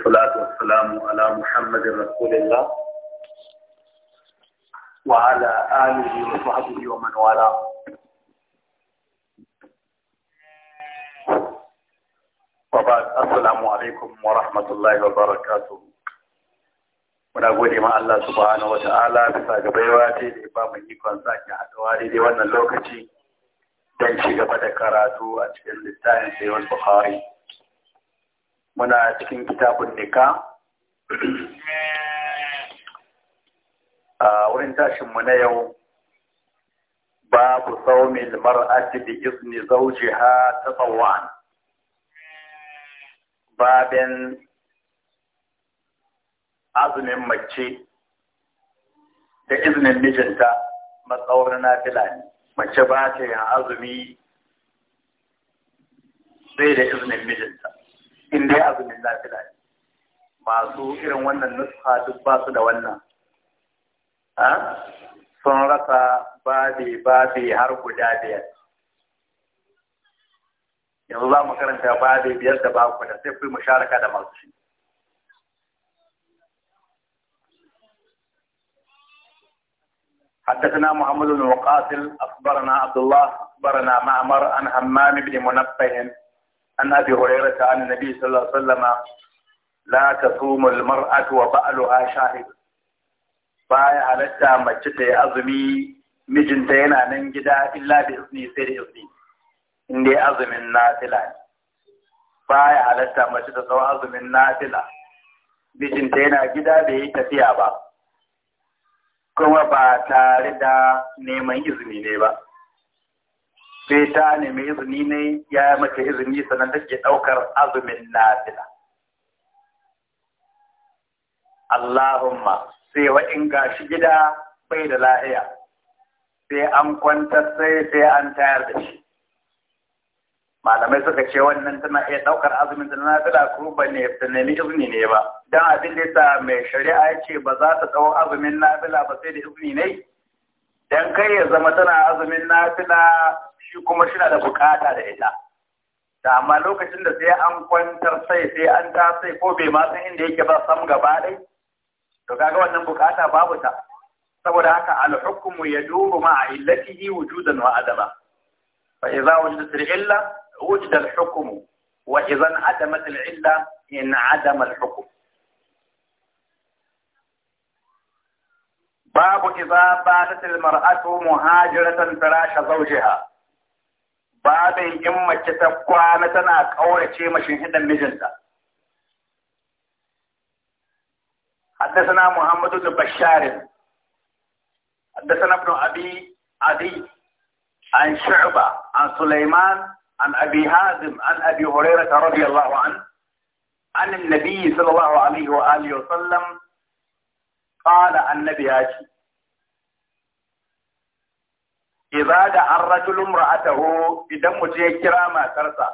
والصلاة والسلام على محمد رسول الله وعلى آله وصحبه ومن والاه وبعد السلام عليكم ورحمة الله وبركاته muna gode ma Allah subhanahu wata'ala bisa ga baiwa ce da ba mu ikon sake haɗuwa daidai wannan lokaci don ci gaba da karatu a cikin littafin sayyid bukhari muna cikin kitabun nika a wurin tashinmu na yau babu saumin izini bi ha ta tatawwan baben azumin mace da izinin mijinta matsawar na filani mace ba ta yin azumi sai da izinin mijinta in dai azumin lafiya ne masu irin wannan nuska duk ba su da wannan sun rasa babe babe har guda biyar yanzu za mu karanta babe biyar da ba guda sai ku yi musharaka da masu shi حدثنا محمد بن مقاتل اخبرنا عبد الله اخبرنا معمر عن همام بن منبه عن أبي هريرة عن النبي صلى الله عليه وسلم لا تصوم المرأة وبعلها شاهد baya halatta mace ta yi azumi mijinta yana nan gida illa da izini sai da izini in azumin nafila ne baya halatta mace ta tsawon azumin nafila mijinta yana gida bai yi tafiya ba kuma ba tare da neman izini ne ba sai ta nemi izini ne ya yi mata izini sannan take ɗaukar azumin nafila. Allahumma sai wa in gashi gida bai da lahiya sai an kwantar sai sai an tayar da shi. Malamai suka ce wannan tana iya ɗaukar azumin da fila ko ba ne ta nemi izini ne ba. Don abin da ta mai shari'a ya ce ba za ta ɗau azumin na nafila ba sai da izini ne. Dan kai ya zama tana azumin na fila. shi kuma shi na da bukata da ita da amma lokacin da sai an kwantar sai sai an ta sai ko bai ma san inda yake ba sam gaba dai to kaga wannan bukata babu ta saboda haka al-hukmu yadumu ma illatihi wujudan wa adama fa idza wujidat al-illa wujida al-hukmu wa idza adamat al-illa in adama al-hukm babu idza batat al-mar'atu muhajiratan firasha zawjiha babin in mace ta kwana tana kaurace mashin hidan mijinta حدثنا محمد بن بشار حدثنا ابن ابي عدي عن شعبة عن سليمان عن ابي هازم عن ابي هريرة رضي الله عنه عن النبي صلى الله عليه واله وسلم قال النبي هاشم iza da an a taho idan mu je kira matarsa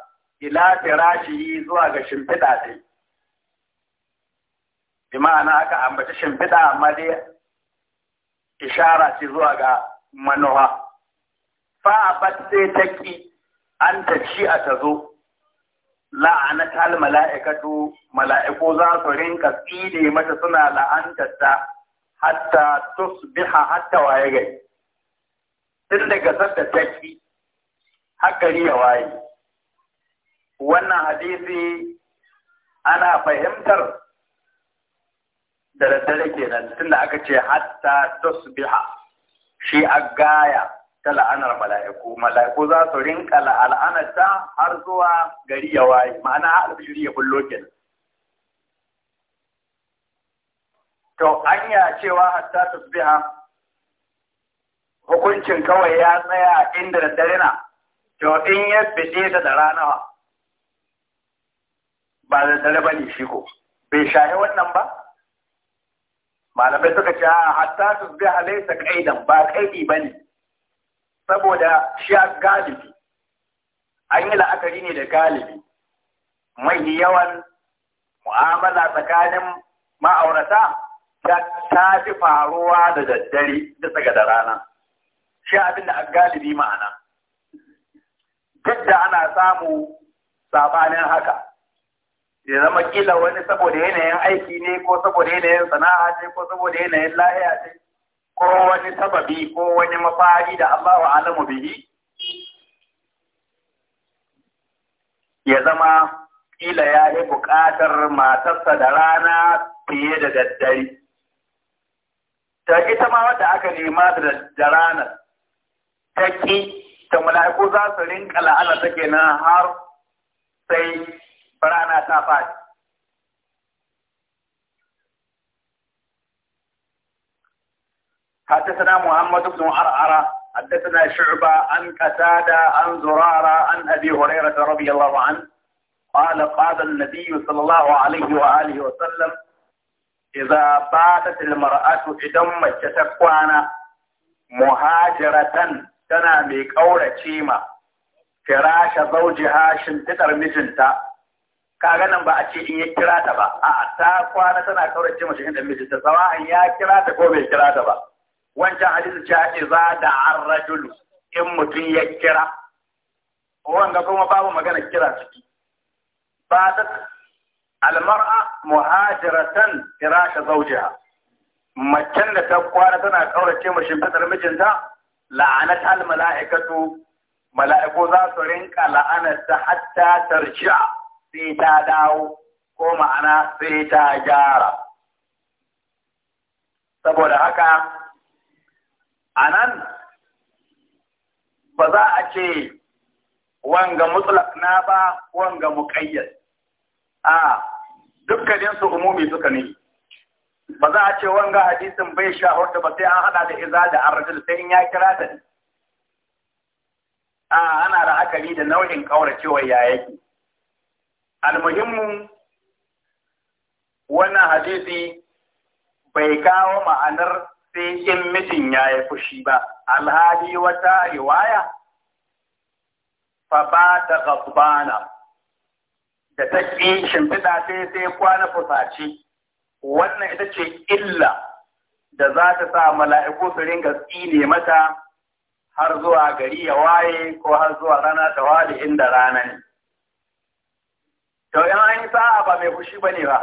ila firashi zuwa ga shimfiɗa dai bi ma'ana aka ambaci shimfiɗa amma dai ishara ce zuwa ga manuwa. fa a sai ta ki an ta ci a ta zo la'anatal mala'ikatu mala'iku za su rinka tsine mata suna la'antar ta hatta tusbiha hatta waye gari tun daga sanda taki hankali ya waye wannan hadisi ana fahimtar da daddare kenan tun da aka ce hatta tusbiha shi a gaya ta la'anar mala'iku mala'iku za su rinka la'anarta har zuwa gari ya waye ma'ana alfijiri ya bullo kenan to anya cewa hatta tusbiha hukuncin kawai ya tsaya inda da dare na to in ya fice ta da rana ba da dare ba ne shi ko bai shahi wannan ba malamai suka ce a hatta su bi halaisa kaidan ba kaidi ba ne saboda shi galibi an yi la'akari ne da galibi mai yawan mu'amala tsakanin ma'aurata ta fi faruwa da daddare da tsaga da rana shi abin da an galibi ma'ana duk da ana samu sabanin haka ya zama kila wani saboda yanayin aiki ne ko saboda yanayin sana'a ce ko saboda yanayin lahiya ce ko wani sababi ko wani mafari da Allah wa alamu bihi ya zama kila ya yi buƙatar matarsa da rana fiye da daddare. Ta ita ma wadda aka nema da ranar حدثنا محمد بن عرعرة حدثنا شعبة عن قتادة عن زرارة عن أبي هريرة رضي الله عنه قال قال النبي صلى الله عليه وآله وسلم إذا باتت المرأة إذا مجتكوانا مهاجرة tana mai ƙaurace ma firasha zaujiha shimfiɗar mijinta kaga nan ba a ce in ya kira ta ba a ta kwana tana ƙaurace ma shimfiɗar mijinta sawa'an ya kira ta ko bai kira ta ba wancan hadisi ce ake za da an rajulu in mutum ya kira wanda kuma babu magana kira ciki ba ta almar'a muhajiratan firasha zaujiha macen da ta kwana tana ƙaurace ma shimfiɗar mijinta la'anat al mala'ikatu mala'iku za su rinka ta hatta tarji'a sai ta dawo ko ma'ana sai ta gyara saboda haka anan ba za a ce wanga mutlaq na ba wanga muqayyad a dukkaninsu su umumi suka ne ba za a ce wanga hadisin bai shaharta ba sai an hada da iza da arrajul sai in ya kira ta a ana da la'akari da nau'in cewa ya yake almuhimmu wannan hadisi bai kawo ma'anar sai in mijin ya yi fushi ba alhali wata riwaya fa ba ta da ta ƙi shimfiɗa sai sai kwana fusace wannan ita ce illa da za ta sa mala'iku su ringa tsine mata har zuwa gari ya waye ko har zuwa rana ta wali inda rana ne. To, in an yi sa'a ba mai fushi ba ne ba,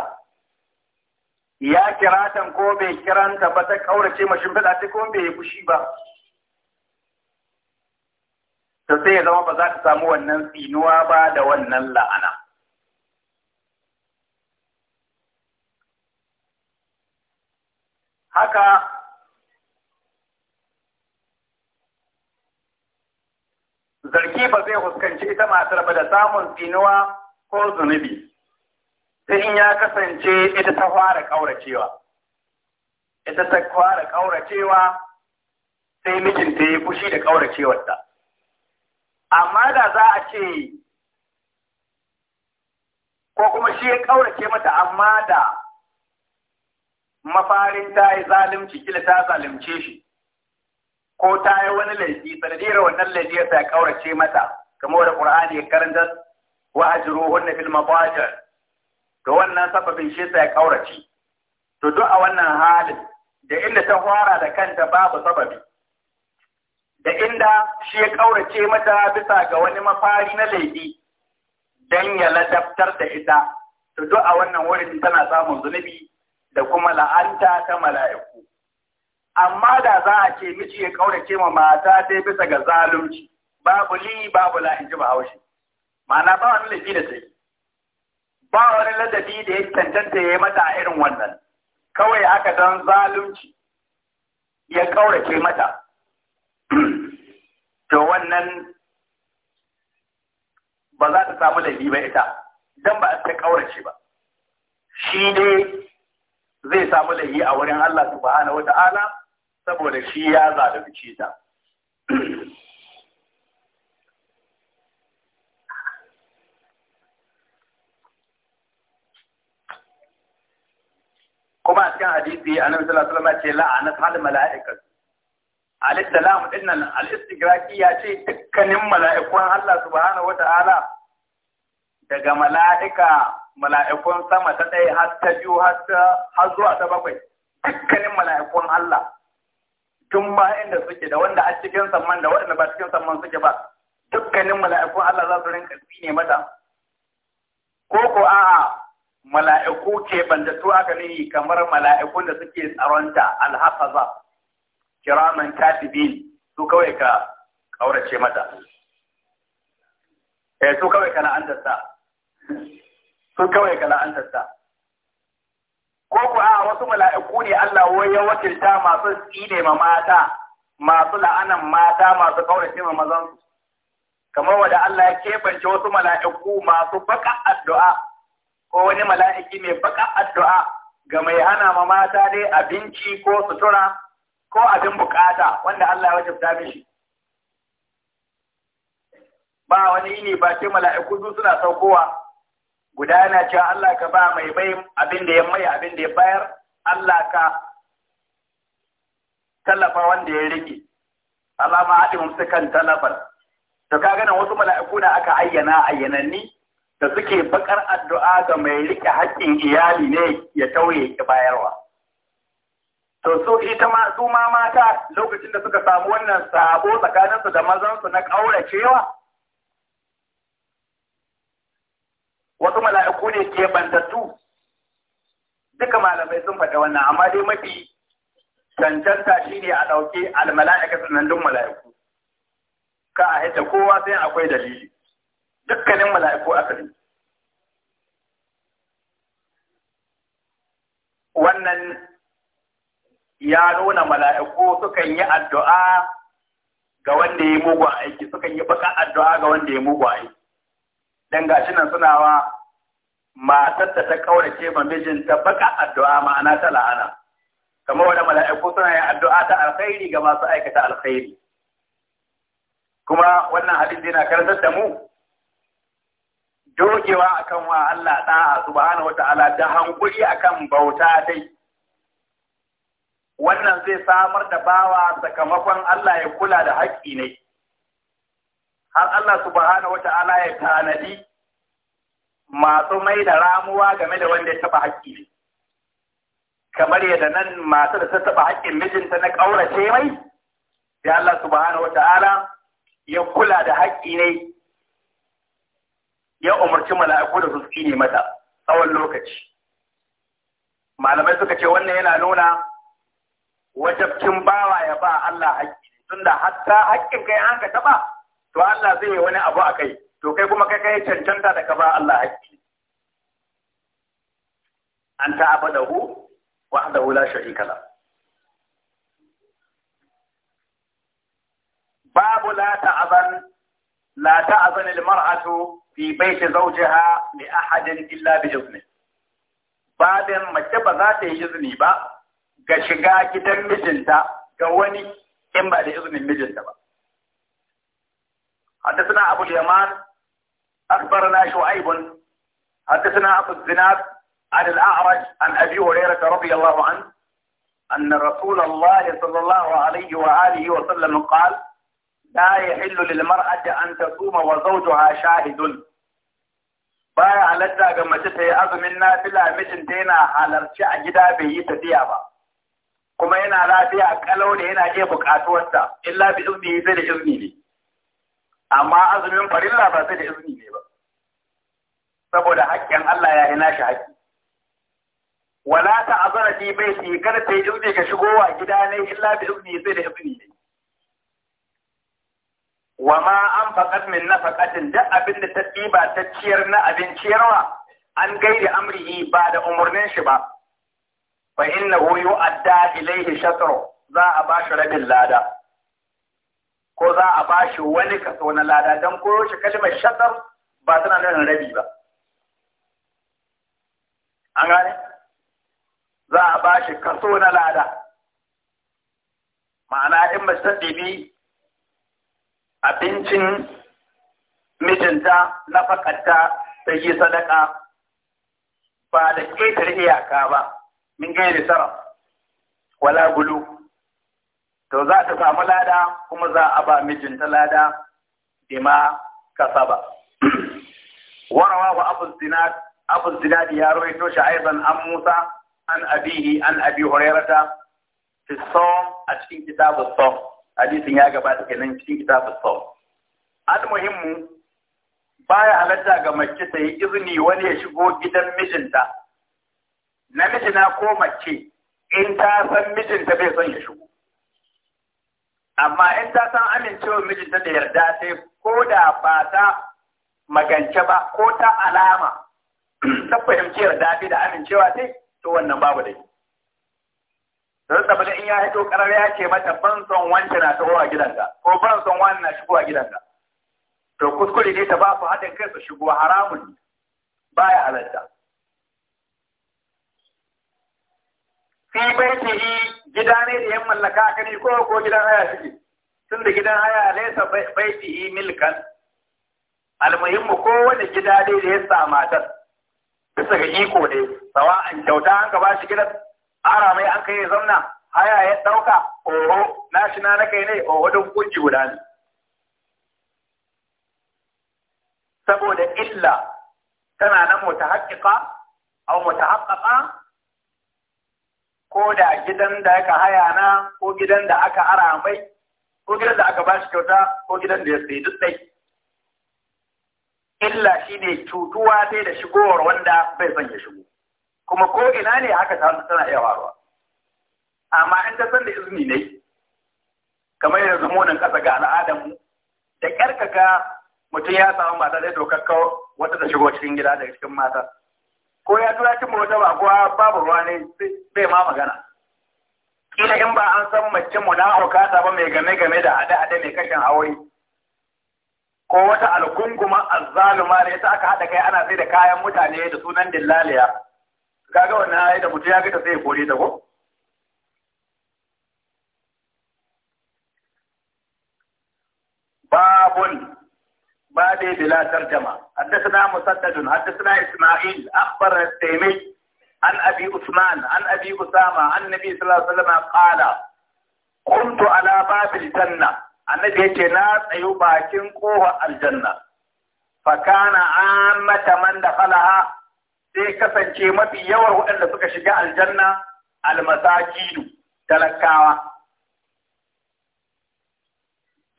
ya kiratan ko bai kiranta ba ta ƙaurace mashin fiɗa ta ko bai fushi ba. Ta sai ya zama ba za ta samu wannan tsinuwa ba da wannan la'ana. haka zarki ba zai huskanci ita matar ba da samun tinuwa ko zunubi sai in ya kasance ita ta fara ƙauracewa ita ta fara ƙauracewa sai mijinta ya fushi da ta. amma da za a ce ko kuma shi ya ƙaurace mata amma da mafarin ta yi zalunci kila ta zalimce shi ko ta yi wani laifi sanadiyar wannan laifi ya kaurace mata kamar da Qur'ani ya karanta wa ajruhunna fil mabajir to wannan sababin shi sai kaurace to duk a wannan halin da inda ta fara da kanta babu sababi da inda shi ya kaurace mata bisa ga wani mafari na laifi dan ya ladabtar da ita to duk a wannan wurin tana samun zunubi da kuma la'anta ta mala'iku amma da za a ce miji ya kaurace ma mata dai bisa ga zalunci babu li babu la in ji bahaushe ma'ana ba wani laifi da ta yi ba wani ladabi da ya tantanta ya yi mata irin wannan kawai haka don zalunci ya kaurace mata to wannan ba za ta samu laifi ba ita don ba ta kaurace ba shi dai zai samu lahi a wurin Allah subhanahu wata'ala saboda shi ya zalunce ta kuma cikin hadisi a sallallahu alaihi wasallam ce la'anat hal mala'ikatu salamu din nan al-istigraki ya ce dukkanin mala'ikun Allah subhanahu wata'ala daga mala'ika mala'ikun sama ta ɗaya har ta biyu har zuwa ta bakwai dukkanin mala'ikun Allah tun ba inda suke da wanda a cikin samman da waɗanda ba cikin samman suke ba dukkanin mala'ikun Allah za su rinka ne mata ko ko a'a mala'iku ke bandatu aka ne kamar mala'ikun da suke tsaronta alhafaza kiraman katibin su kawai ka kaurace mata eh su kawai ka la'antarsa sun kawai ga la'antarsa ko ku a wasu mala'iku ne Allah wai ya wakilta masu tsine ma mata masu la'anan mata masu kaurace ma mazan kamar wadda Allah ya keɓance wasu mala'iku masu baka addu'a ko wani mala'iki mai baƙa addu'a ga mai hana ma mata ne, abinci ko sutura ko abin bukata wanda Allah ya wajabta mishi ba wani ne ba ce mala'iku su suna saukowa guda yana cewa Allah ka ba mai bai abin da ya mai abin da ya bayar Allah ka tallafa wanda ya riƙe Allah ma haɗin su kan tallafar to ka nan wasu mala'iku da aka ayyana ayyananni da suke bakar addu'a ga mai riƙe haƙƙin iyali ne ya tauye ki bayarwa to su ita ma su ma mata lokacin da suka samu wannan sabo tsakaninsu da mazansu na ƙauracewa wasu mala'iku ne ke bantattu duka malamai sun faɗi wannan amma dai mafi cancanta shi ne a ɗauke almala'ika duk mala'iku ka a hita kowa sai akwai dalili dukkanin mala'iku asali wannan ya nuna mala'iku sukan yi addu'a ga wanda ya mugun aiki sukan yi baka addu'a ga wanda ya mugun aiki dan gashi nan suna wa matar da ta ce ma mijinta baka addu'a ma'ana ta la'ana kamar wanda mala'iku suna yin addu'a ta alkhairi ga masu aikata alkhairi kuma wannan hadisi yana karantar da mu dogewa akan wa Allah da'a subhanahu wata'ala da hankuri akan bauta dai wannan zai samar da bawa sakamakon Allah ya kula da haƙƙi ne har Allah subhanahu wata'ala ya tanadi masu mai da ramuwa game da wanda ya taɓa haƙƙi kamar yadda nan masu da ta taɓa haƙƙin mijinta na ƙaurace mai da Allah subhanahu wa ta'ala ya kula da haƙƙi ne ya umarci mala'iku da su tsine mata tsawon lokaci malamai suka ce wannan yana nuna wajabcin bawa ya ba Allah haƙƙi tunda hatta haƙƙin kai an ka taɓa to Allah zai yi wani abu a kai to kai kuma kai kai cancanta da ka ba Allah haƙƙi an wa da la sharika la babu la ta'azan la ta'azan al-mar'atu fi baiti zawjiha li ahadin illa bi izni babin mace ba za ta yi izini ba ga shiga gidan mijinta ga wani in ba da izinin mijinta ba حدثنا abu Yaman أخبرنا شعيب حدثنا أبو الزناد عن الأعرج عن أبي هريرة رضي الله عنه أن رسول الله صلى الله عليه وآله وسلم قال لا يحل للمرأة أن تصوم وزوجها شاهد باي على الزاقة ما تتهي أظمنا فلا مجن دينا على الشع جدا بي تتيابا كما هنا لا تيابك ألوني هنا جيبك أتوسع إلا بإذنه زي إذنه amma azumin farilla ba sai da izini ne ba saboda haƙƙin Allah ya yi nashi haƙƙi wala ta azara fi baiti kada ta yi izini ka shigowa gida ne illa bi izini sai da izini ne wa ma an faqat min nafaqatin da abin da ta ɗiba ta ciyar na abin ciyarwa an gaida amrihi ba da umurnin shi ba fa innahu yu'adda ilayhi shatru za a bashi rabin lada ko za a ba shi wani kaso na lada don koyo shi kalmar shatar ba tana nan rabi ba an gane za a ba shi kaso na lada ma'ana in mace ta ɗibi abincin mijinta na fakatta ta yi sadaka ba da ƙetare iyaka ba min gairi sarrafa wala gulu to za ta samu lada kuma za a ba mijinta lada bima kasaba warawa wa abu zinad abu zinad ya rawaito shi aidan an musa an abihi an abi hurairata fi a cikin kitabu so hadisin ya gabata kenan cikin kitabu so al muhimmu baya halatta ga mace ta yi izini wani ya shigo gidan mijinta Na mijina ko mace in ta san mijinta bai son ya shigo amma in ta san amincewa mijinta da yarda sai ko da ba ta magance ba ko ta alama ta fahimci yarda bi da amincewa sai to wannan babu da yi don saboda in ya hito karar ya ce mata ban son wancan na shigo a gidanka ko ban son wani na shigo a gidanka to kuskure ne ta ba su haɗin kai su shigo haramun ba baya halatta fi yi. gida ne da yan mallaka ka ne ko ko gidan haya shi tun da gidan haya laysa yi milkan almuhim ko wani gida dai da ya sa matar bisa ga iko ne sawa an kyauta an ka bashi gidan ara mai an kai zauna haya ya dauka oho na shi na na kai ne o don kungi guda ne saboda illa tana nan mutahaqqiqa aw mutahaqqaqa ko da gidan da aka haya na ko gidan da aka ara mai ko gidan da aka ba shi kyauta ko gidan da ya sayi duk dai illa shi ne cutuwa sai da shigowar wanda bai son ya shigo kuma ko ina ne haka ta tana iya faruwa amma in ta san da izini ne kamar yanzu mu nan kasa ga al'adar mu da kyar mutum ya samu mata da dokar wata ta shigo cikin gida daga cikin mata ko ya tura cin wata ba ko babu ruwa ne bai ma magana kila in ba an san mace mu na aukata ba mai game game da hade hade mai kashin aure ko wata alkunguma azzaluma ne ta aka haɗa kai ana sai da kayan mutane da sunan dillaliya kaga wannan ayi da mutum ya ga sai kore ta ko babun بعد بلا ترجمة حدثنا مسدد حدثنا إسماعيل أخبر التيمي عن أبي عثمان عن أبي أسامة عن النبي صلى الله عليه وسلم قال كنت على باب الجنة النبي يتنا تيو أيوة باكين الجنة فكان عامة من دخلها sai kasance mafi yawar waɗanda suka shiga aljanna almasakinu talakawa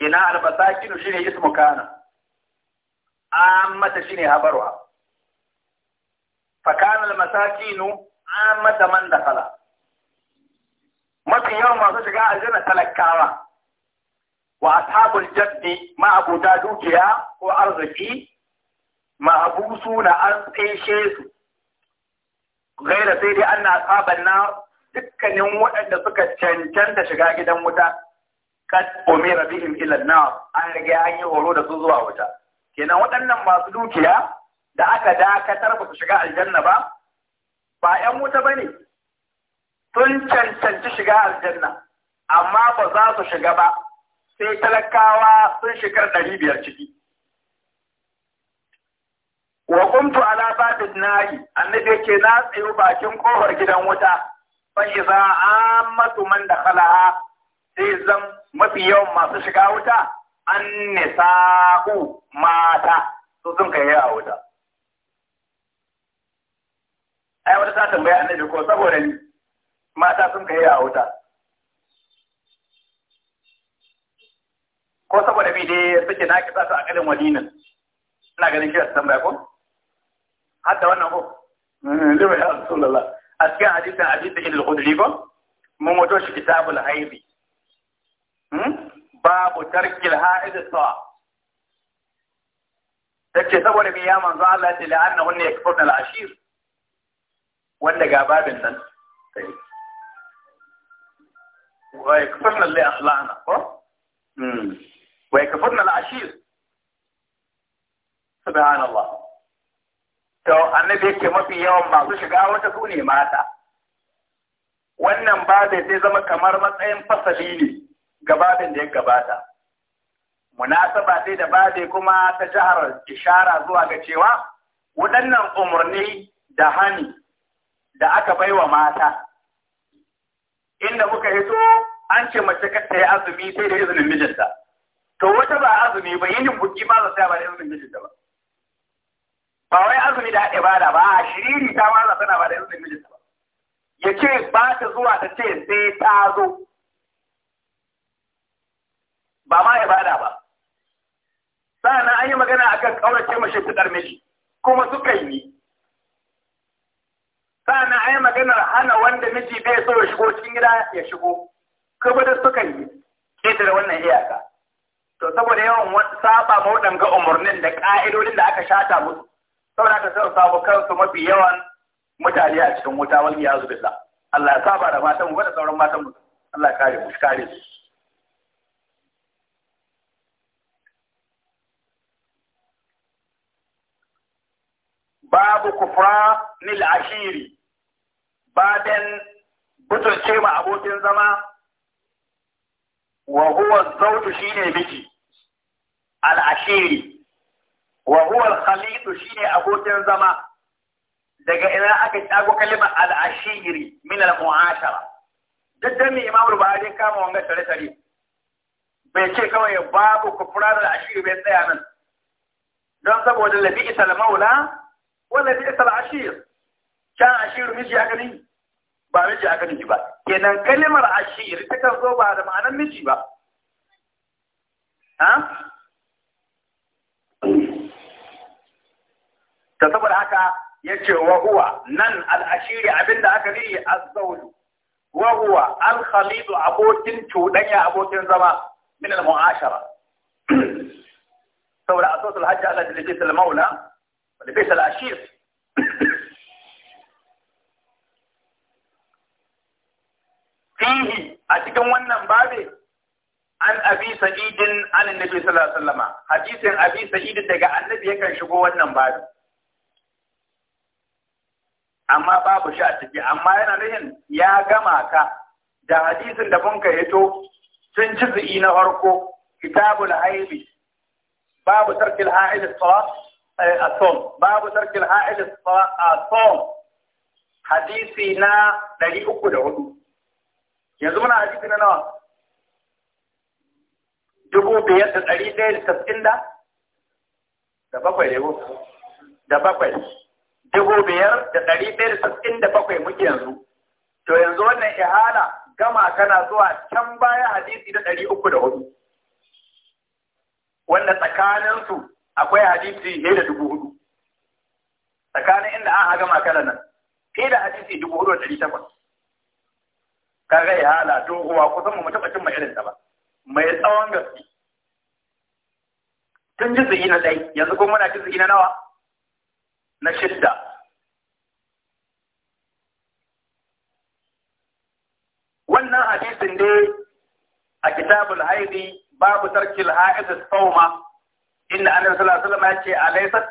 ina almasakinu shine ismu kana ammata shine habarwa fakanal masakinu ammata man dakhala mafi yawan masu shiga aljanna talakawa wa ashabul jaddi ma abuta dukiya ko arziki ma abusu na an su gaira sai dai ana ashaban na dukkanin waɗanda suka cancanta shiga gidan wuta kad umira bihim ila an riga an yi horo da su zuwa wuta kenan waɗannan masu dukiya da aka dakatar ba su shiga aljanna ba ba 'yan wuta ba ne sun cancanci shiga aljanna amma ba za su shiga ba sai talakawa sun shekar ɗari biyar ciki wa kuntu ala batin nahi annabi yake na tsayo bakin kofar gidan wuta fa iza ammatu man dakhalaha sai zan mafi yawan masu shiga wuta an nisa'u mata su sun kai ya wuta ai wata ta tambaya annabi ko saboda ni mata sun kai a wuta ko saboda bi dai suke na kisa su a kalin nan, ina ganin shi da tambaya ko hatta wannan ko liwa eh, ya rasulullah a cikin hadisin hadisin ibn al-khudri ko mun wato shi kitabul haibi hmm? باب ترك الهائد الصلاه تكي ثور بيا من ظل الله لانهن يكفرن العشير ولا جاباب النن طيب. ويكفرن اللي اخلعنا صح؟ ويكفرن العشير سبحان الله تو انا بيك ما في يوم ما قاوة تكوني ماتا wannan ba zai zama kamar matsayin gabatin da ya gabata munasaba sai da bade kuma ta jihar ishara zuwa ga cewa waɗannan umarni da hani da aka baiwa mata inda muka hito an ce mace kar ta yi azumi sai da izinin mijinta to wata ba azumi ba yin buki ba za ta ba da izinin mijinta ba ba wai azumi da haɗe ba a shiriri ta ma za tana ba da izinin mijinta ba ya ce ba ta zuwa ta ce sai ta zo ba ma ibada ba sa'annan an yi magana akan kaurace mashi fitar miji kuma suka yi sa'annan an yi maganar hana wanda miji bai so ya shigo cikin gida ya shigo kuma da suka yi ƙetare wannan iyaka to saboda yawan saba ma waɗanga umarnin da ƙa'idodin da aka shata musu saboda ta sai sabo kansu mafi yawan mutane a cikin wuta wal iyazu Allah ya saba da matan mu da sauran matan mu Allah ya kare mu kare su babu kufra nil ashiri baden butulce ma abokin zama wa huwa shi shine miji Al'ashiri. ashiri wa huwa al shi shine abokin zama daga ina aka tsago kalmar al ashiri min al mu'ashara duk da imam rubari kama wanga tare tare bai ce kawai babu kufra al ashiri bai tsaya nan don saboda labi isa maula wanda bi ta ashir can ashir miji aka ni ba miji aka ni ba kenan kalmar ashir ta kan zo ba da ma'anar miji ba ha ta saboda haka yace wa huwa nan al-ashiri abinda aka ni az-zawlu wa huwa al-khalid abokin cudanya abokin zama min al-mu'ashara saboda asasul hajji Allah da ke salmaula ولبئس العشير fihi a cikin wannan babe an abi sa'idin an annabi sallallahu alaihi hadisin abi sa'id daga annabi yakan shigo wannan babe amma babu shi a ciki amma yana nufin ya gama ka da hadisin da mun kayato sun jizi'i na farko kitabul haibi babu tarkil ha'il salat الصوم باب ترك الحائل الصوم حديثي نا دلي Yanzu muna hadisi na nawa? dubu biyar da ɗari ɗaya da tafsin da da bakwai ne da bakwai dubu biyar da ɗari ɗaya da tafsin da bakwai muke yanzu to yanzu wannan ihala gama kana zuwa can baya hadisi na ɗari uku da hudu wanda tsakaninsu akwai hadisi ne da dubu hudu tsakanin inda an haga makala nan fiye da hadisi dubu hudu da ɗari takwas kaga ya hala doguwa kusan mu taɓa cin mai ba mai tsawon gaske tun ji yi na ɗai yanzu kuma muna jizugi na nawa na shidda wannan hadisin dai a kitabul haidi babu tarkil ha'id sauma inda annabi sallallahu alaihi wasallam ya ce alaysat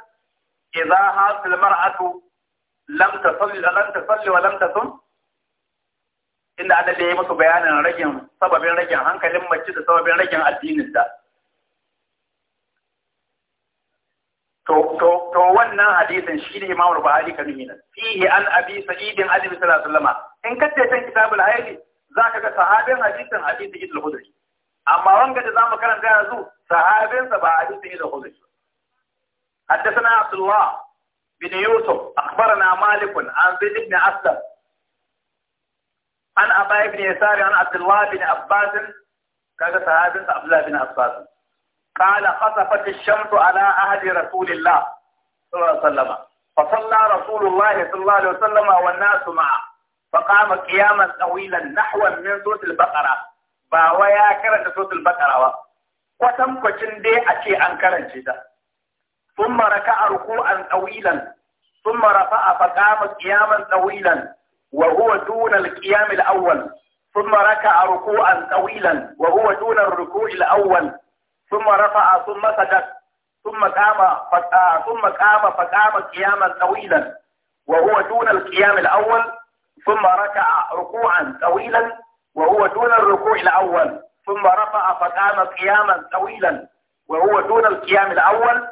idza hasil mar'atu lam tasalli lam tasalli wa lam tasum inda annabi ya musu bayanin ragin sababin ragin hankalin mace da sababin ragin addinin ta to to to wannan hadisin shi ne Imam Bukhari ka nuhi nan fihi an Abi Sa'id an Abi sallallahu alaihi wasallam in kace can kitabul haidi zaka ga sahabin hadisin hadisi Ibn Khudri أما وانك تزام كلام ده هزو صحابين سبعين إذا خذش حدثنا عبد الله بن يوسف أخبرنا مالك عن زيد بن أسلم عن أبا بن يسار عن عبد الله بن عباس كذا صحابين عبد الله بن عباس قال خسفت الشمس على أهل رسول الله صلى الله عليه وسلم فصلى رسول الله صلى الله عليه وسلم والناس معه فقام قياما طويلا نحو من سورة البقرة ba wa ya karanta sotul bakara ba kwatankwacin dai a ce an karance ta ثم ركع ركوعا طويلا ثم رفع فقام قياما طويلا وهو دون القيام الأول ثم ركع ركوعا طويلا وهو دون الركوع الأول ثم رفع ثم سجد ثم قام ثم قام فقام قياما طويلا وهو دون القيام الأول ثم ركع ركوعا طويلا وهو دون الركوع الأول ثم رفع فقام قياما طويلا وهو دون القيام الأول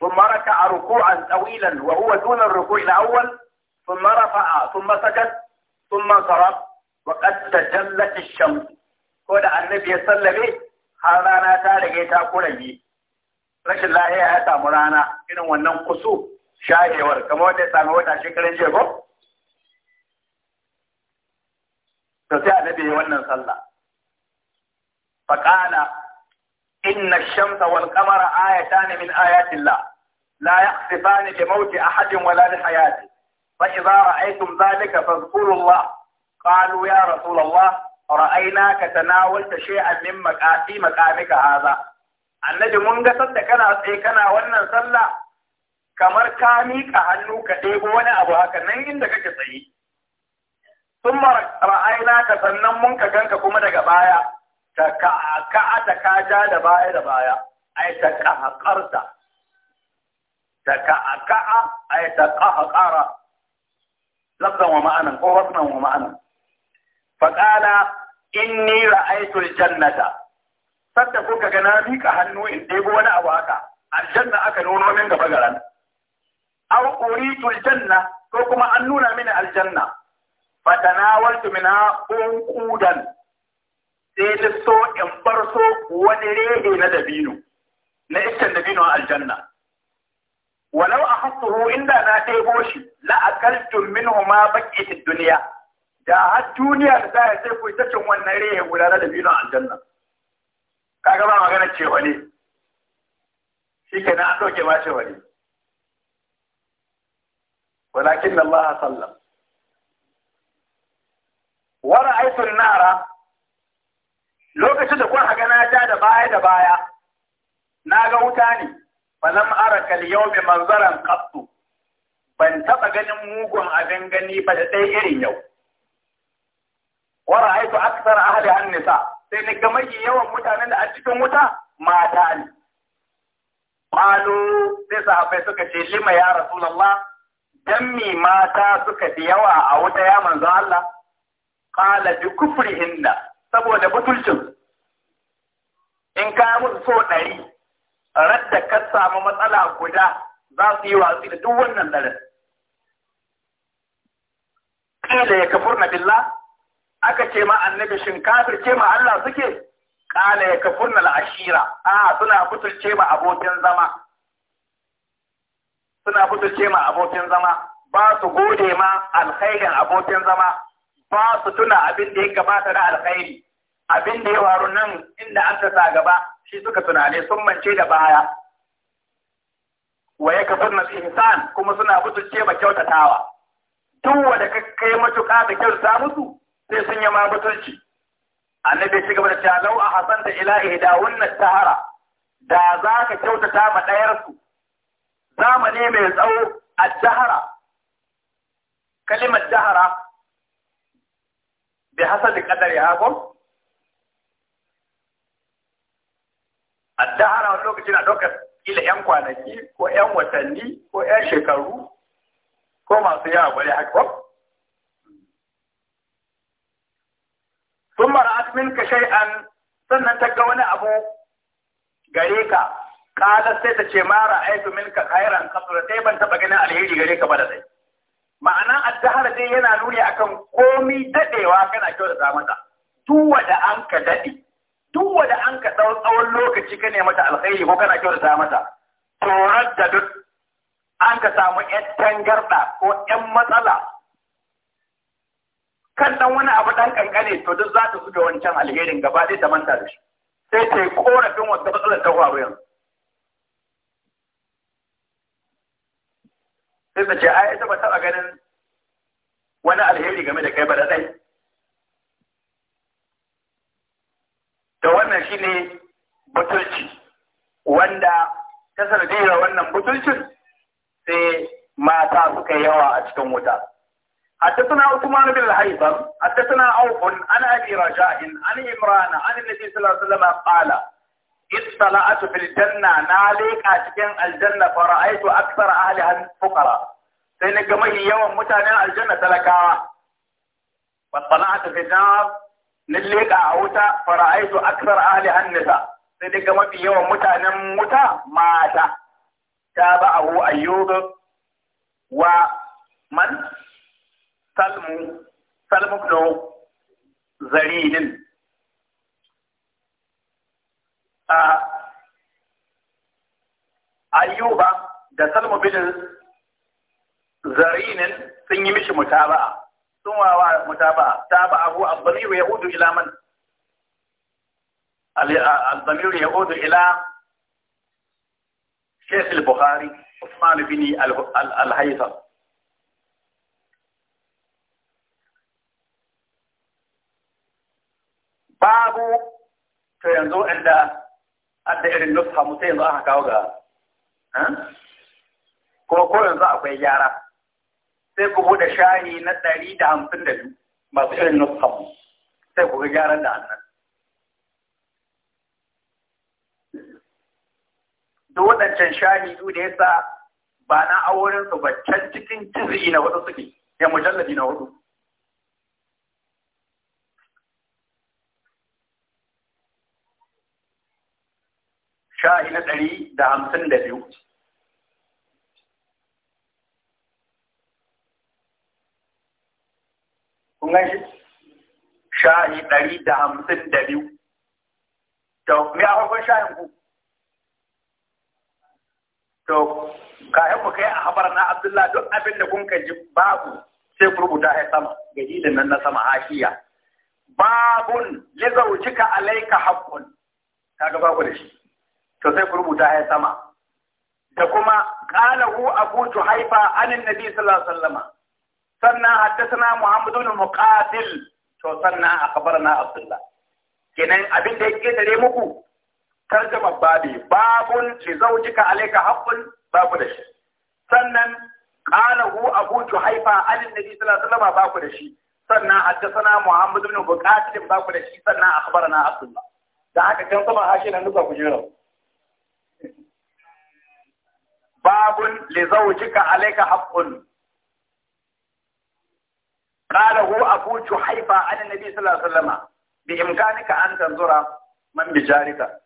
ثم ركع ركوعا طويلا وهو دون الركوع الأول ثم رفع ثم سجد ثم انصرف وقد تجلت الشمس كودا النبي صلى الله عليه هذا أنا تالي جيتا قولي lahiya الله هي rana مرانا wannan ونن قصو شاهد wanda ya sami wata shekarun jego to sai annabi ya wannan sallah faqala inna shamsa wal qamara ayatan min ayati Allah la yaqsifani bi mawti ahadin wala li hayati fa idza ra'aytum dhalika fadhkuru ya qalu ya rasul ta ra'aynaka tanawalta shay'an min maqati maqamika hadha annabi mun ga sanda kana tsaye kana wannan sallah kamar ka miƙa hannu ka ɗebo wani abu haka nan inda kake tsaye ثم رأينا رأيناك سنن منك كا كا دقى بايا تكعك تكاجا دبايا دبايا أي تكاها قرد كا أي تكاها قرى لفظا ومعنى قرصنا ومعنى فقال إني رأيت الجنة صدقوك جنابيك هنو إنديب وانا أواكا الجنة أكلون ومنك فقرا أو أريد الجنة كوكما أنونا من الجنة fatanawaltu minha unqudan sai ta so in barso wani rehe na dabino na iccen dabino a aljanna walau a hassuhu inda na ɗebo shi la'akaltun min ma baƙi duniya da har duniya da za sai ku ta cin rehe guda na dabino a aljanna kaga magana shi wara aifin nara lokacin da kun haka na ja da baya da baya na ga wuta ne ba zan ara kaliyau mai manzaran kaftu ban taɓa ganin mugun abin gani ba da ɗaya irin yau wara aifu aksar ahli Nisa sai ni ga mafi yawan mutanen da a cikin wuta mata ne Malu sai sahabbai suka ce lima ya rasulallah don mi mata suka fi yawa a wuta ya manzo Allah qala bi kufrihinna saboda batulcin in ka musu so ɗari radda ka samu matsala guda za su yi watsi da duk wannan ɗarin ƙila ya kafurna billah aka ce ma annabi shin kafir ce ma Allah suke ƙala ya kafurna ashira. a suna butulce ma abokin zama suna butulce ma abokin zama ba su gode ma alkhairin abokin zama ba su tuna abin da ya gabata na alkhairi abin da ya waru nan inda an ta gaba shi suka tunane sun mance da baya wa ya kafar na ihsan kuma suna ce ba kyautatawa duk wanda ka kai matuƙa da kyauta musu sai sun yi ma butulci annabi shi gaba da cewa lau a hasan da ila ihdahunna tahara da za ka kyautata ma ɗayar su zamani mai tsawo a jahara kalimar jahara bi hasabi A hakum addahara wani lokaci na ɗaukar kila 'yan kwanaki ko 'yan watanni ko 'yan shekaru ko masu yawa gwale haka sun mara asmin ka shay'an sannan ta ga wani abu gare ka kala sai ta ce mara aitu min ka kairan kasura sai ban taɓa ganin alheri gare ka ba da sai ma'ana addahar dai yana nuni akan komi dadewa kana kyautata mata tuwa da an ka dade tuwa da an ka tsawon lokaci ka ne mata alkhairi ko kana kyautata mata torar da duk an ka samu yan tangarda ko yan matsala kan dan wani abu dan kankane to duk za ta zuga wancan alherin gaba ɗaya ta manta da shi sai ta yi korafin wata matsalar ta faru yanzu sai ta ce ai ita ba taɓa ganin wani alheri game da kai ba da ɗai da wannan shine butulci wanda ta sanadiyar wannan butulcin sai mata suka yawa a cikin wuta حدثنا عثمان بن الحيثم حدثنا عوف عن ابي رجاء عن عمران عن النبي صلى الله عليه وسلم قال ittala'atu fil janna na leƙa cikin aljanna fa ra'aytu aktsara ahliha fuqara sai na ga mahi yawan mutanen aljanna talakawa fa tala'atu fil nar na leƙa a wuta fa ra'aytu aktsara ahliha nisa sai na ga mafi yawan mutanen wuta mata ta ba'ahu ayyub wa man salmu salmu ibn zarinin آه، أيوبا دسلم بن زرين سنجمش متابعة ثم هو متابعة تابعة أبو الضمير يعود إلى من؟ آه، الضمير يعود إلى شيخ البخاري عثمان بن الهيثم باب فينزو عند adda irin nufa sai yanzu aka kawo ga kuma ko yanzu akwai gyara sai ku buɗe shani na ɗari da hamsin da biyu masu irin nufa sai ku ga gyaran da annan da waɗancan shani su da yasa ba na aurensu ba can cikin jizi na hudu suke ya mujallabi na hudu shahi na ɗari da hamsin da biyu kun shi Shahi ɗari da hamsin da biyu to me a farkon sha'in ku to kayan ku kai a habar na abdullah duk abin da kun ji babu sai ku rubuta ya sama ga hilin nan na sama hashiya babun ka alaika haƙun, haqqun kaga babu da shi to sai ku rubuta ya sama da kuma qalahu abu juhaifa anin nabi sallallahu alaihi wasallam sannan haddathana muhammad ibn muqatil to sannan akhbarana abdullah kenan abin da yake dare muku tarjama babi babun li zawjika alayka haqqun babu da shi sannan qalahu abu juhaifa anin nabi sallallahu alaihi wasallam babu da shi sannan haddathana muhammad ibn muqatil babu da shi sannan akhbarana abdullah da haka kan sama hashi nan duka ku jira باب لزوجك عليك حق قاله أبو جحيفة عن النبي صلى الله عليه وسلم بإمكانك أن تنظر من بجارك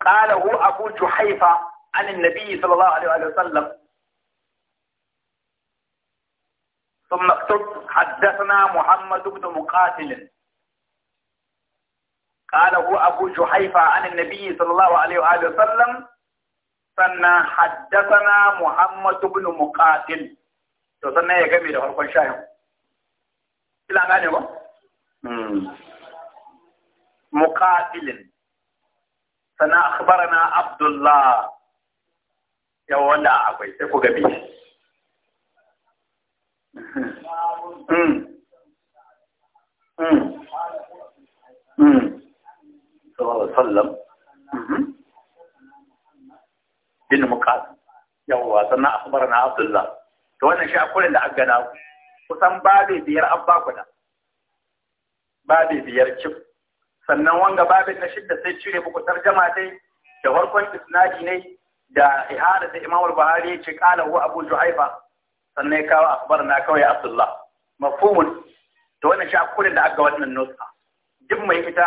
قاله أبو جحيفة عن النبي صلى الله عليه وسلم ثم اكتب حدثنا محمد بن مقاتل قاله أبو جحيفة عن النبي صلى الله عليه وآله وسلم سنة حدثنا محمد بن مقاتل سنة يا جميل هو كل شيء إلى ما نبغى مقاتل سنة أخبرنا عبد الله يا ولا أبوي سكو جميل صلى الله عليه وسلم bin muqas yawa sannan akhbarana abdullah to wannan shi akwai da aka gana kusan babe biyar abba kuda babe biyar cif sannan wanga babin na shidda sai cire muku tarjama dai da farkon isnadi ne da ihada da imamul buhari ya ce kala hu abu ju'aifa sannan ya kawo akhbarana kawai abdullah mafhumun to wannan shi akwai da aka wannan nusa duk mai fita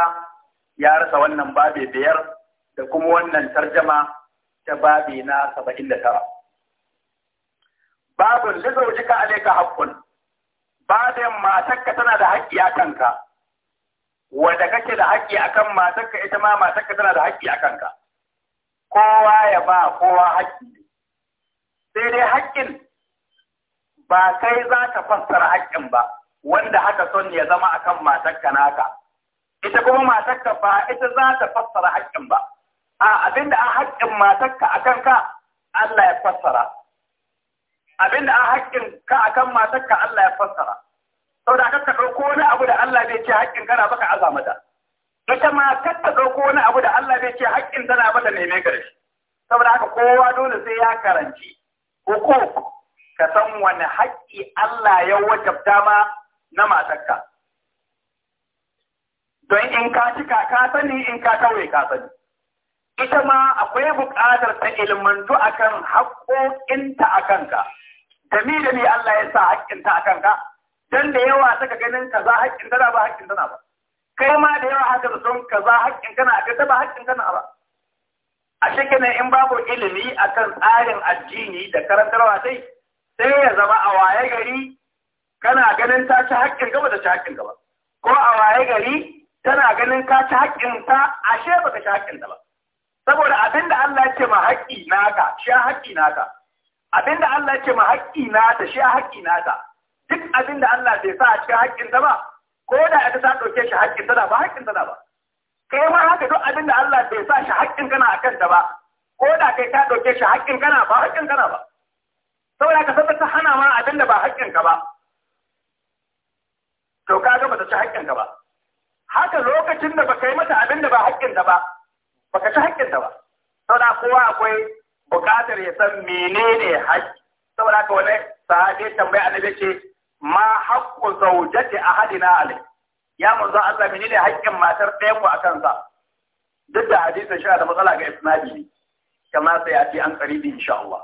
ya rasa wannan babe biyar da kuma wannan tarjama ta babi na saba'in da tara. Babin ka alaika haƙƙun, babin matakka tana da haƙƙi a kanka, wadda kake da haƙƙi a kan matakka ita ma matakka tana da haƙƙi a kanka. Kowa ya ba kowa haƙƙi. Sai dai haƙƙin ba kai za ka fassara haƙƙin ba, wanda haka son ya zama a kan matakka naka. Ita kuma matakka ba ita za ta fassara haƙƙin ba. a abinda an haƙƙin matarka a ka Allah ya fassara abinda a haƙƙin ka kan matarka Allah ya fassara saboda da ka ɗauko wani abu da Allah bai ce haƙƙin kana baka aza mata ita ma kar ta ɗauko wani abu da Allah bai ce haƙƙin tana bata neme garshi saboda haka kowa dole sai ya karanci hukuk ka san wani haƙƙi Allah ya wajabta ma na matarka don in ka cika ka sani in ka kawai ka sani ita ma akwai buƙatar ta ilmantu akan haƙoƙinta a kanka dami da ni Allah ya sa haƙƙinta a kanka Don da yawa saka ganin ka za haƙƙin tana ba haƙƙin tana ba kai ma da yawa haka sun za haƙƙin kana a ta ba haƙƙin kana ba a shekene in babu ilimi akan tsarin addini da karantarwa sai sai ya zama a waye gari kana ganin ta ci haƙƙin gaba da ci haƙƙin gaba ko a waye gari tana ganin ka ci haƙƙin ta ashe baka ci haƙƙin ta ba saboda abinda Allah ya ce ma haƙƙi naka shi haƙƙi naka abinda Allah ya ce ma haƙƙi naka shi haƙƙi naka duk abinda Allah bai sa a cikin haƙƙin ta ba ko da ita ta ɗauke shi haƙƙin ta ba haƙƙin ta ba kai ma haka duk abinda Allah bai sa shi haƙƙin kana akan ta ba ko da kai ta ɗauke shi haƙƙin kana ba haƙƙin kana ba saboda ka ta hana ma abinda ba haƙƙin ka ba to ka ga bata ci haƙƙin ka ba haka lokacin da ba kai mata abinda ba haƙƙin ta ba baka ci haƙƙin ta ba saboda kowa akwai buƙatar ya san menene haƙƙi saboda haka wani sahabi tambaya annabi ce ma haƙƙu zaujati ahadina alai ya manzo Allah menene haƙƙin matar ɗayan mu akan sa duk da hadisin shi da matsala ga isnadi ne kamar sai a ci an karibi insha Allah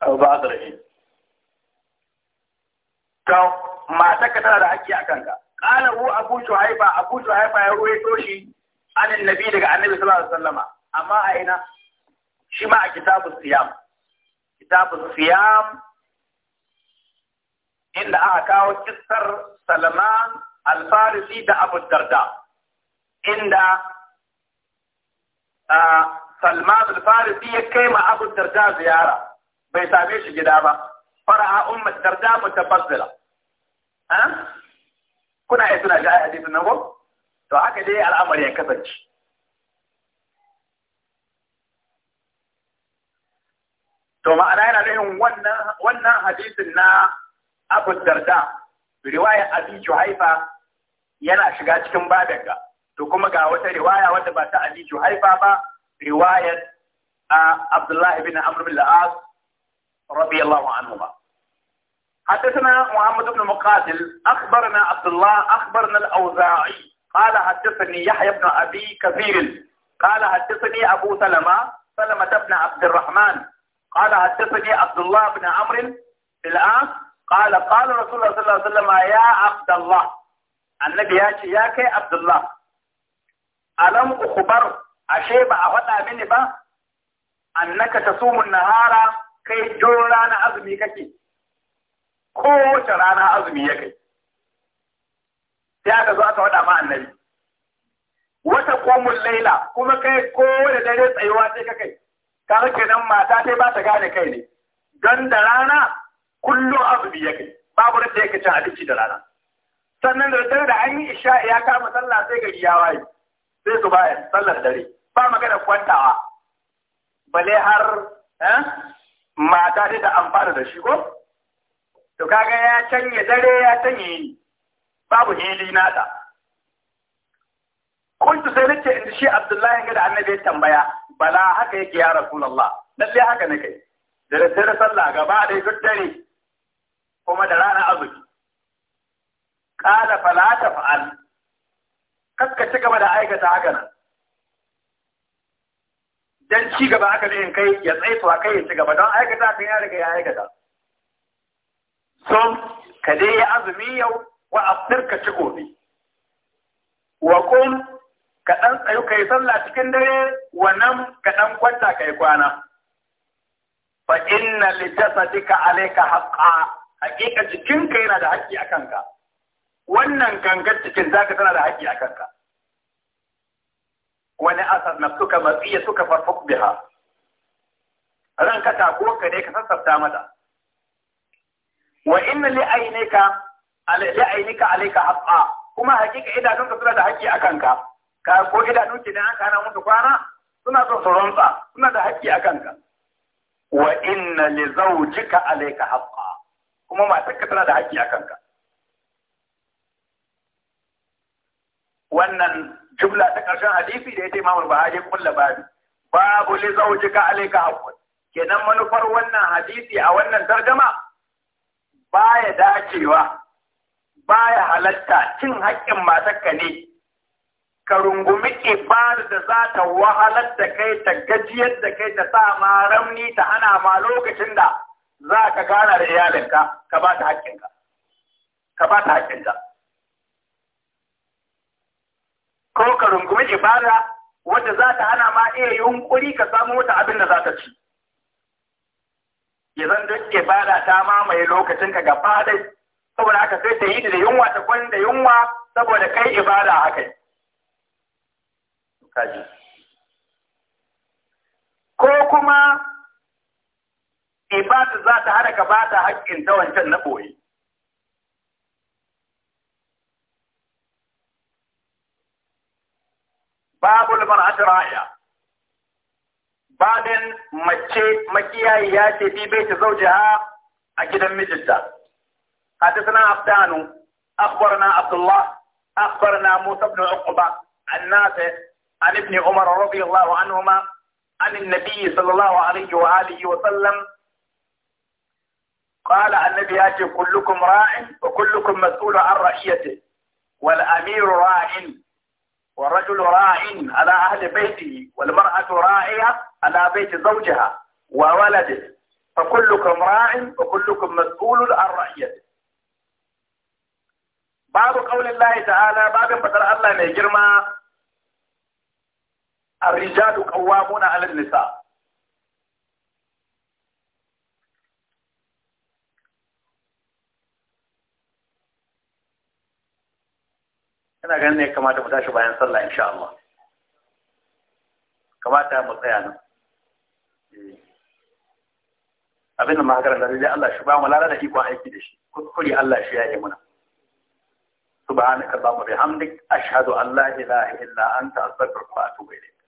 abu ba da rahi to mata ka tana da haƙƙi akan ka qala hu abu shuhaifa abu shuhaifa ya ruwaito shi عن النبي لك عن النبي صلى الله عليه وسلم أما هنا شمع كتاب الصيام كتاب الصيام إن أعكاو كسر سلمان الفارسي دا أبو الدرداء إن دا آه سلمان الفارسي كيما أبو الدرداء زيارة بيسابيش جدابا فرع أم الدرداء متفضلة ها كنا يسنا جاء حديث النبوة to haka dai al'amari ya kasance to ma'ana yana nufin wannan wannan hadisin na Abu Darda riwaya Abi Juhaifa yana shiga cikin babinka to kuma ga wata riwaya wadda ba ta Abi Juhaifa ba riwayar Abdullah ibn Amr bin al-As radiyallahu anhu anhuma حدثنا محمد بن مقاتل أخبرنا عبد الله أخبرنا الأوزاعي قال حدثني يحيى بن أبي كثير قال حدثني أبو سلمة سلمة بن عبد الرحمن قال حدثني عبد الله بن عمرو الآن قال قال رسول الله صلى الله عليه وسلم يا عبد الله النبي يا يا كي عبد الله ألم أخبر أشي بأهدى مني با أنك تصوم النهار كي جورانا أزمي كي كوش رانا أزمي يكي sai aka zo aka faɗa ma annabi wata komun laila kuma kai ko da dare tsayuwa sai ka kai ka rike kenan mata sai ba ta gane kai ne don da rana kullum abu ya kai babu da yake cin abinci da rana sannan da dare da an yi isha ya kama sallah sai gari ya waye sai su baya sallar dare ba magana kwantawa bale har eh, mata da ta amfana da shi ko to kaga ya canye dare ya canye babu hili nada kuntu sai nake in shi Abdullahi ga da annabi tambaya bala haka yake ya Rasulullah lalle haka nake da daddare sallah gaba da duk dare kuma da rana azumi qala fala fa'al kaska ci gaba da aikata haka nan dan ci gaba aka ne kai ya tsaito a kai ya ci gaba don aikata kan ya riga ya aikata So? ka dai ya azumi yau wa aftir ka ci gobe wa kun ka dan tsayu kai sallah cikin dare wa nan ka dan kwanta kai kwana fa inna li jasadika alayka haqqa hakika jikinka yana da haƙƙi a kanka wannan gangar cikin zaka tana da haƙƙi a kanka wani asar na suka matsiya suka farfuk biha ranka ta ko ka ne ka sassafta mata wa inna li aineka la ainika alayka haqqa kuma hakika idanunka suna da haƙƙi akan ka ka ko idanun ki dan aka hana musu kwana suna so su rantsa suna da haƙƙi akan ka wa inna li zawjika alayka haqqa kuma matarka tana da haƙƙi akan ka wannan jumla ta ƙarshen hadisi da ya taimama Buhari kulla babu babu li zawjika alayka haqqun kenan manufar wannan hadisi a wannan tarjama baya dacewa baya halatta cin haƙƙin matarka ne ka rungumi ibada da za ta wahalar da kai ta gajiyar da kai ta sa ma ramni ta hana ma lokacin da za ka gana da iyalinka ka ba ta haƙƙinka ka ba ta haƙƙinka ko ka rungumi ibada wadda za ta hana ma iya yunƙuri ka samu wata abin da za ta ci ya duk ibada ta mamaye lokacinka gaba dai saboda haka sai ta yi da yunwa ta kwan da yunwa saboda kai ibada haka yi. ko kuma ibada za ta hana ka bata haƙƙin ta wancan na ɓoye babu mar'atu ra'iya babin mace makiyayi ya ce bi bai ta zaujaha a gidan mijinta حدثنا عبدان أخبرنا عبد الله أخبرنا موسى بن عقبة عن نافع عن ابن عمر رضي الله عنهما عن النبي صلى الله عليه وآله وسلم قال النبي ياتي كلكم راع وكلكم مسؤول عن رعيته والأمير راع والرجل راع على أهل بيته والمرأة راعية على بيت زوجها وولده فكلكم راع وكلكم مسؤول عن رعيته باب قول الله تعالى باب فتر الله نجرما الرجال قوامون على النساء أنا غني كما تبدأ بيان صلى إن شاء الله كما تعمل قيانا أبين ما الله شو بيان ولا لا تكيب واحد كل الله شو يعني subhanaka allahumma bihamdik ashhadu an la ilaha illa anta astaghfiruka wa atubu ilayk